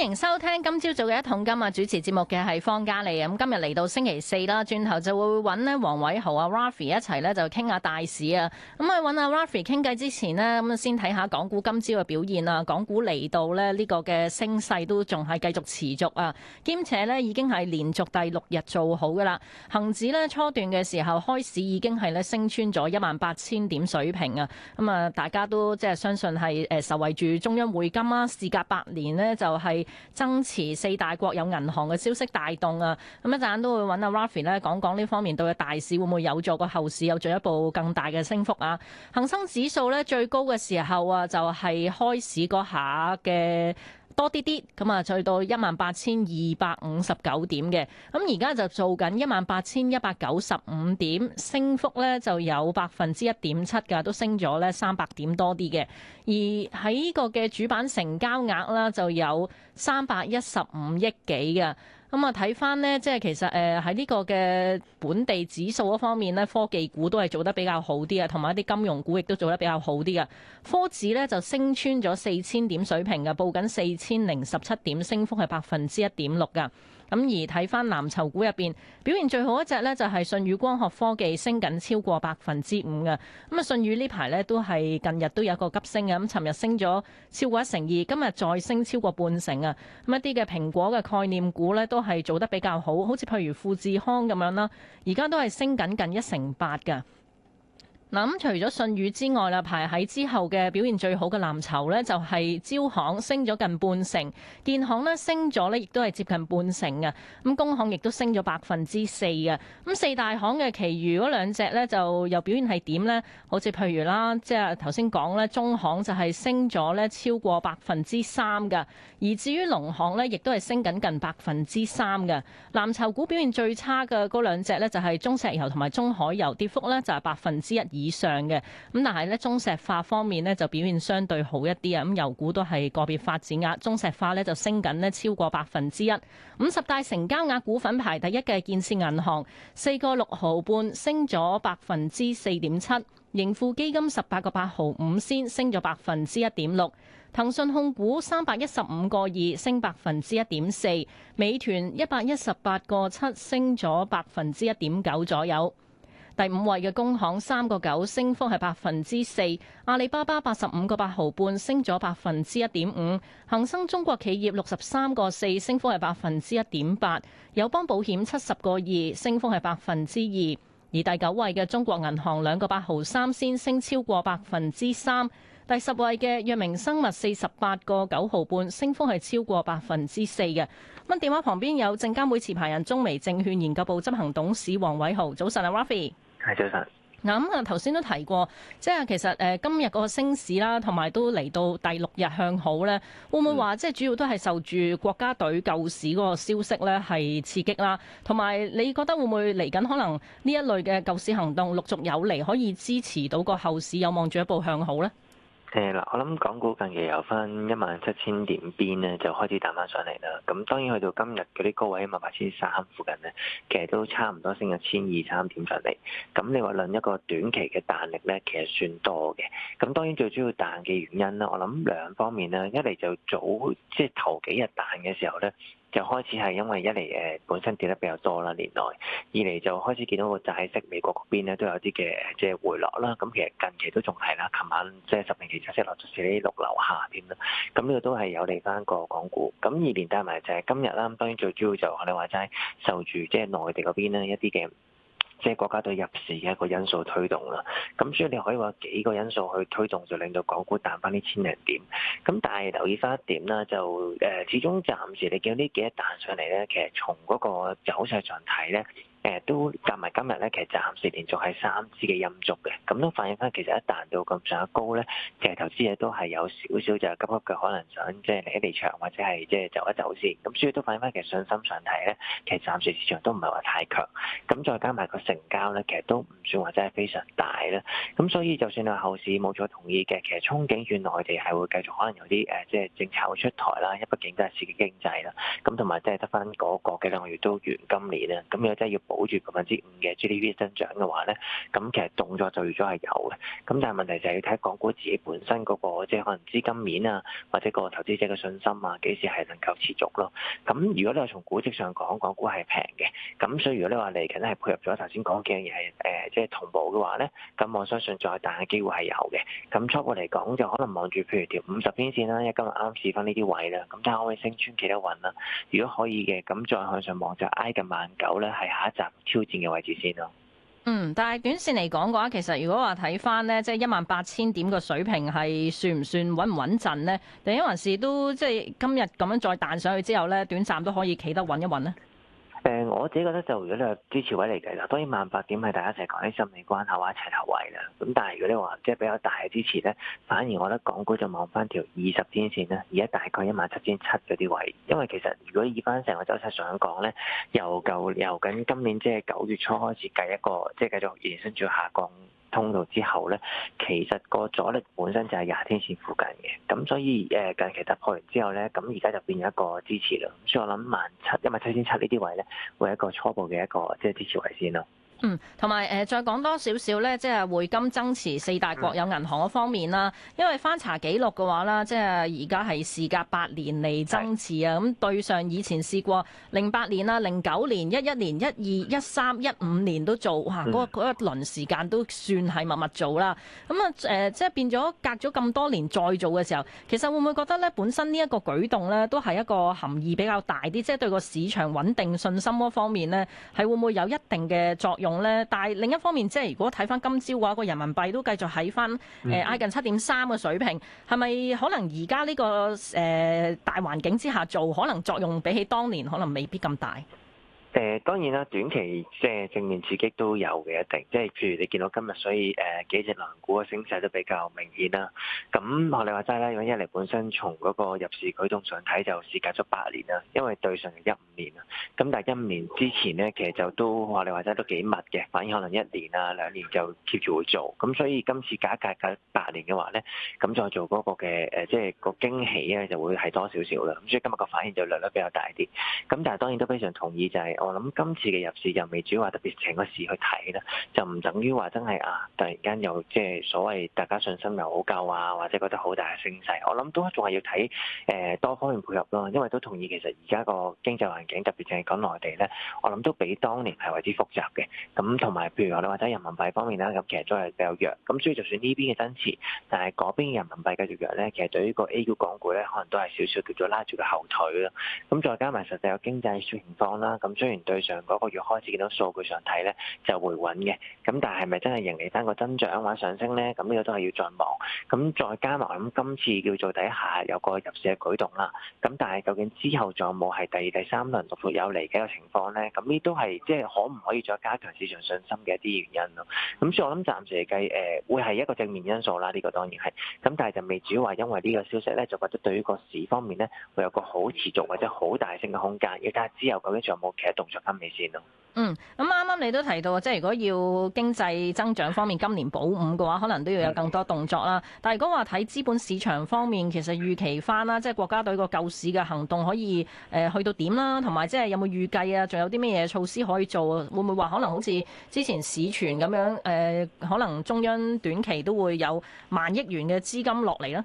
歡迎收聽今朝早嘅一桶金啊！主持節目嘅係方嘉莉咁，今日嚟到星期四啦，轉頭就會揾咧黃偉豪啊 Raffy 一齊咧就傾下大市啊！咁啊，揾阿 Raffy 傾偈之前呢咁啊先睇下港股今朝嘅表現啦。港股嚟到咧呢個嘅升勢都仲係繼續持續啊，兼且呢已經係連續第六日做好噶啦。恒指呢，初段嘅時候開市已經係咧升穿咗一萬八千點水平啊！咁啊，大家都即係相信係誒受惠住中央匯金啦。事隔八年呢，就係、是。增持四大國有銀行嘅消息帶動啊，咁一陣間都會揾阿 Raffi 呢講講呢方面對嘅大市會唔會有助個後市有進一步更大嘅升幅啊？恒生指數呢，最高嘅時候啊，就係開市嗰下嘅。多啲啲，咁啊，去到一萬八千二百五十九點嘅，咁而家就做緊一萬八千一百九十五點，升幅咧就有百分之一點七㗎，都升咗咧三百點多啲嘅，而喺個嘅主板成交額啦就有三百一十五億幾嘅。咁啊，睇翻呢，即係其實誒喺呢個嘅本地指數方面咧，科技股都係做得比較好啲啊，同埋一啲金融股亦都做得比較好啲嘅。科指呢就升穿咗四千點水平嘅，報緊四千零十七點，升幅係百分之一點六㗎。咁而睇翻藍籌股入邊，表現最好一隻呢就係信宇光學科技升緊超過百分之五嘅。咁啊，信宇呢排咧都係近日都有個急升嘅。咁尋日升咗超過一成二，今日再升超過半成啊。咁一啲嘅蘋果嘅概念股咧都係做得比較好，好似譬如富士康咁樣啦，而家都係升緊近一成八㗎。嗱，除咗信宇之外啦，排喺之後嘅表現最好嘅藍籌咧，就係招行升咗近半成，建行咧升咗咧，亦都係接近半成嘅。咁工行亦都升咗百分之四嘅。咁四大行嘅其餘嗰兩隻就又表現係點呢？好似譬如啦，即係頭先講咧，中行就係升咗咧超過百分之三嘅。而至於農行咧，亦都係升緊近百分之三嘅。藍籌股表現最差嘅嗰兩隻就係中石油同埋中海油，跌幅呢就係百分之一以上嘅咁，但係咧，中石化方面呢就表現相對好一啲啊！咁油股都係個別發展，額中石化咧就升緊呢超過百分之一。五十大成交額股份排第一嘅建設銀行，四個六毫半升咗百分之四點七；盈富基金十八個八毫五仙升咗百分之一點六；騰訊控股三百一十五個二升百分之一點四；美團一百一十八個七升咗百分之一點九左右。第五位嘅工行三個九升幅係百分之四，阿里巴巴八十五個八毫半升咗百分之一點五，恒生中國企業六十三個四升幅係百分之一點八，友邦保險七十個二升幅係百分之二。而第九位嘅中國銀行兩個八毫三先升超過百分之三，第十位嘅藥明生物四十八個九毫半升幅係超過百分之四嘅。咁電話旁邊有證監會持牌人中微證券研究部執行董事黃偉豪，早晨啊，Raffi。係早晨。嗱、嗯，咁啊，頭先都提過，即係其實誒今日個升市啦，同埋都嚟到第六日向好咧，會唔會話即係主要都係受住國家隊救市嗰個消息咧係刺激啦？同埋你覺得會唔會嚟緊可能呢一類嘅救市行動陸續有嚟，可以支持到個後市有望進一步向好咧？誒，嗱、嗯，我諗港股近期由翻一萬七千點邊咧，就開始彈翻上嚟啦。咁當然去到今日嗰啲高位一萬八千三附近咧，其實都差唔多升咗千二三點上嚟。咁你話論一個短期嘅彈力咧，其實算多嘅。咁當然最主要彈嘅原因咧，我諗兩方面啦。一嚟就早，即係頭幾日彈嘅時候咧。就開始係因為一嚟誒本身跌得比較多啦年內，二嚟就開始見到個債息美國嗰邊咧都有啲嘅即係回落啦，咁其實近期都仲係啦，琴晚即係十年期債息落咗至啲六樓下添啦，咁呢個都係有利翻個港股，咁二連帶埋就係今日啦，咁當然最主要就我哋話齋受住即係內地嗰邊咧一啲嘅。即係國家隊入市嘅一個因素推動啦，咁所以你可以話幾個因素去推動就一一，就令到港股彈翻啲千零點。咁但係留意翻一點啦，就誒，始終暫時你見到呢幾日彈上嚟咧，其實從嗰個走勢上睇咧。誒都夾埋今日咧，其實暫時連續係三支嘅陰燭嘅，咁都反映翻其實一彈到咁上下高咧，其實投資者都係有少少就急急腳，可能想即係離一離場或者係即係走一走先。咁所以都反映翻其實信心上提咧，其實暫時市場都唔係話太強。咁再加埋個成交咧，其實都唔算話真係非常大啦。咁所以就算你話後市冇咗同意嘅，其實憧憬原來內地係會繼續可能有啲誒即係政策會出台啦。因為畢竟都係刺激經濟啦。咁同埋即係得翻嗰個幾兩個月都完今年啦。咁有真係要保住百分之五嘅 GDP 增長嘅話呢，咁其實動作就預咗係有嘅。咁但係問題就係要睇港股自己本身嗰、那個即係可能資金面啊，或者個投資者嘅信心啊，幾時係能夠持續咯？咁如果你話從估值上講，港股係平嘅，咁所以如果你話嚟緊係配合咗頭先講嘅嘢，誒、呃、即係同步嘅話呢，咁我相信再大嘅機會係有嘅。咁初步嚟講就可能望住譬如條五十天線啦，因為今日啱啱試翻呢啲位啦，咁睇下可唔可以升穿其他雲啦。如果可以嘅，咁再向上望就挨近萬九呢，係下一挑戰嘅位置先咯。嗯，但係短線嚟講嘅話，其實如果話睇返呢，即係一萬八千點個水平係算唔算穩唔穩陣呢？定還是都即係今日咁樣再彈上去之後呢，短暫都可以企得穩一穩呢？誒、嗯、我自己覺得就如果你係支持位嚟計啦，當然萬八點係大家一齊講啲心理關口啊，一齊投位啦。咁但係如果你話即係比較大嘅支持咧，反而我覺得港股就望翻條二十天線啦，而家大概一萬七千七嗰啲位。因為其實如果以翻成個走勢上講咧，由舊由緊今年即係九月初開始計一個，即係繼續延伸住下降。通道之後咧，其實個阻力本身就係廿天線附近嘅，咁所以誒近期突破完之後咧，咁而家就變咗一個支持啦。所以我諗萬七，因為七千七呢啲位咧，會係一個初步嘅一個即係、就是、支持位先咯。嗯，同埋誒再講多少少咧，即係匯金增持四大國有銀行方面啦。因為翻查記錄嘅話啦，即係而家係時隔八年嚟增持啊。咁的對上以前試過零八年啦、零九年、一一年、一二、一三、一五年都做，吓、嗰個一輪、嗰個、時間都算係密密做啦。咁啊誒即係變咗隔咗咁多年再做嘅時候，其實會唔會覺得咧，本身呢一個舉動咧，都係一個含義比較大啲，即係對個市場穩定信心方面咧，係會唔會有一定嘅作用？咧，但係另一方面，即係如果睇翻今朝嘅話，個人民幣都繼續喺翻誒挨近七點三嘅水平，係咪可能而家呢個誒、呃、大環境之下做，可能作用比起當年可能未必咁大？誒當然啦，短期即係正面刺激都有嘅一定，即係譬如你見到今日，所以誒、呃、幾隻藍股嘅升勢都比較明顯啦。咁我哋話齋啦，因為一嚟本身從嗰個入市舉動上睇就時隔咗八年啦，因為對上一五年啦。咁但係一五年之前呢，其實就都我哋話齋都幾密嘅，反而可能一年啊兩年就 keep 住會做。咁、嗯、所以今次假隔一隔八年嘅話呢，咁再做嗰個嘅誒，即、呃、係、就是、個驚喜咧就會係多少少啦。咁、嗯、所以今日個反應就略略比較大啲。咁但係當然都非常同意就係、是。我諗今次嘅入市又未至於話特別成個市去睇啦，就唔等於話真係啊突然間又即係所謂大家信心又好夠啊，或者覺得好大嘅升勢。我諗都仲係要睇誒、呃、多方面配合咯，因為都同意其實而家個經濟環境特別淨係講內地咧，我諗都比當年係為之複雜嘅。咁同埋譬如我哋或者人民幣方面咧，咁其實都係比較弱。咁所以就算呢邊嘅增持，但係嗰邊嘅人民幣繼續弱咧，其實對於個呢個 A 股港股咧，可能都係少少叫做拉住個後腿咯。咁再加埋實際個經濟情況啦，咁所以。對上嗰個月開始見到數據上睇咧就回穩嘅，咁但係係咪真係盈利返個增長或者上升咧？咁呢個都係要再望。咁再加埋咁今次叫做底下有個入市嘅舉動啦。咁但係究竟之後仲有冇係第二、第三輪陸續有嚟嘅一個情況咧？咁呢都係即係可唔可以再加強市場信心嘅一啲原因咯。咁所以我諗暫時嚟計誒會係一個正面因素啦。呢個當然係。咁但係就未至於話因為呢個消息咧就覺得對於個市方面咧會有個好持續或者好大升嘅空間。要睇下之後究竟仲有冇其動作睇你先咯。嗯，咁啱啱你都提到，即係如果要經濟增長方面今年保五嘅話，可能都要有更多動作啦。但係如果話睇資本市場方面，其實預期翻啦，即係國家隊個救市嘅行動可以誒、呃、去到點啦，同埋即係有冇預計啊？仲有啲咩嘢措施可以做？啊，會唔會話可能好似之前市傳咁樣誒、呃，可能中央短期都會有萬億元嘅資金落嚟咧？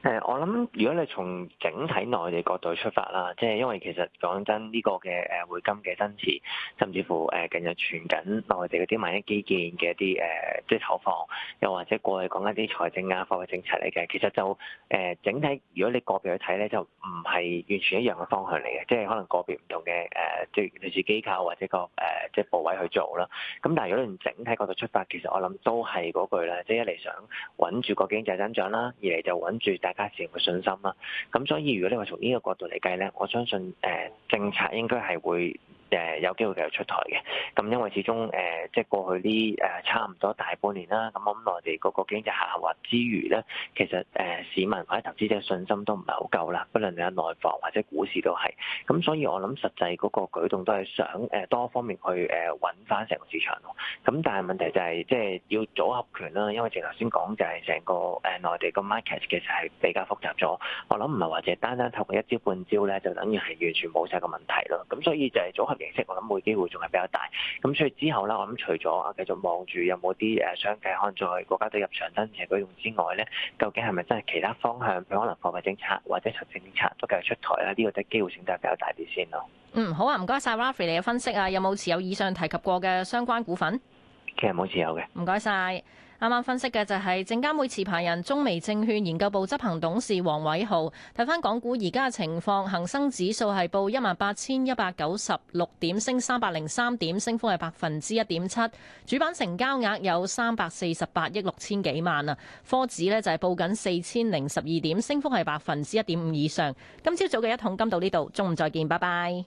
誒，我諗如果你從整體內地角度出發啦，即係因為其實講真呢、呢個嘅誒匯金嘅增持，甚至乎誒近日傳緊內地嗰啲萬億基建嘅一啲誒即係投放，又或者過去講一啲財政啊貨幣政策嚟嘅，其實就誒、呃、整體如果你個別去睇咧，就唔係完全一樣嘅方向嚟嘅，即係可能個別唔同嘅誒，即、呃、係類似機構或者、嗰個誒即係部委去做啦。咁但係如果從整體角度出發，其實我諗都係嗰句啦，即係一嚟想穩住個經濟增長啦，二嚟就穩住大加市嘅信心啦，咁所以如果你話從呢個角度嚟計咧，我相信誒政策應該係會。誒有機會繼續出台嘅，咁因為始終誒即係過去呢誒、呃、差唔多大半年啦，咁我諗內地嗰個經濟下滑之餘咧，其實誒、呃、市民或者投資者投資者信心都唔係好夠啦，不論你係內房或者股市都係，咁、呃、所以我諗實際嗰個舉動都係想誒多方面去誒揾翻成個市場咯，咁、呃、但係問題就係、是、即係要組合拳啦，因為正如頭先講就係成個誒內、呃、地個 market 其實係比較複雜咗，我諗唔係話只單單透過一招半招咧就等於係完全冇晒個問題咯，咁、呃、所以就係組合形式我諗會機會仲係比較大，咁所以之後咧，我諗除咗啊繼續望住有冇啲誒相繼看在國家隊入場增持嘅舉動之外咧，究竟係咪真係其他方向佢可能貨幣政策或者財政政策都繼續出台咧？呢、這個都機會性都係比較大啲先咯。嗯，好啊，唔該晒 Raffy 你嘅分析啊，有冇持有以上提及過嘅相關股份？其實冇持有嘅。唔該晒。啱啱分析嘅就係證監會持牌人中微證券研究部執行董事黃偉豪。睇返港股而家嘅情況，恒生指數係報一萬八千一百九十六點，升三百零三點，升幅係百分之一點七。主板成交額有三百四十八億六千幾萬啊。科指呢就係報緊四千零十二點，升幅係百分之一點五以上。今朝早嘅一桶金到呢度，中午再見，拜拜。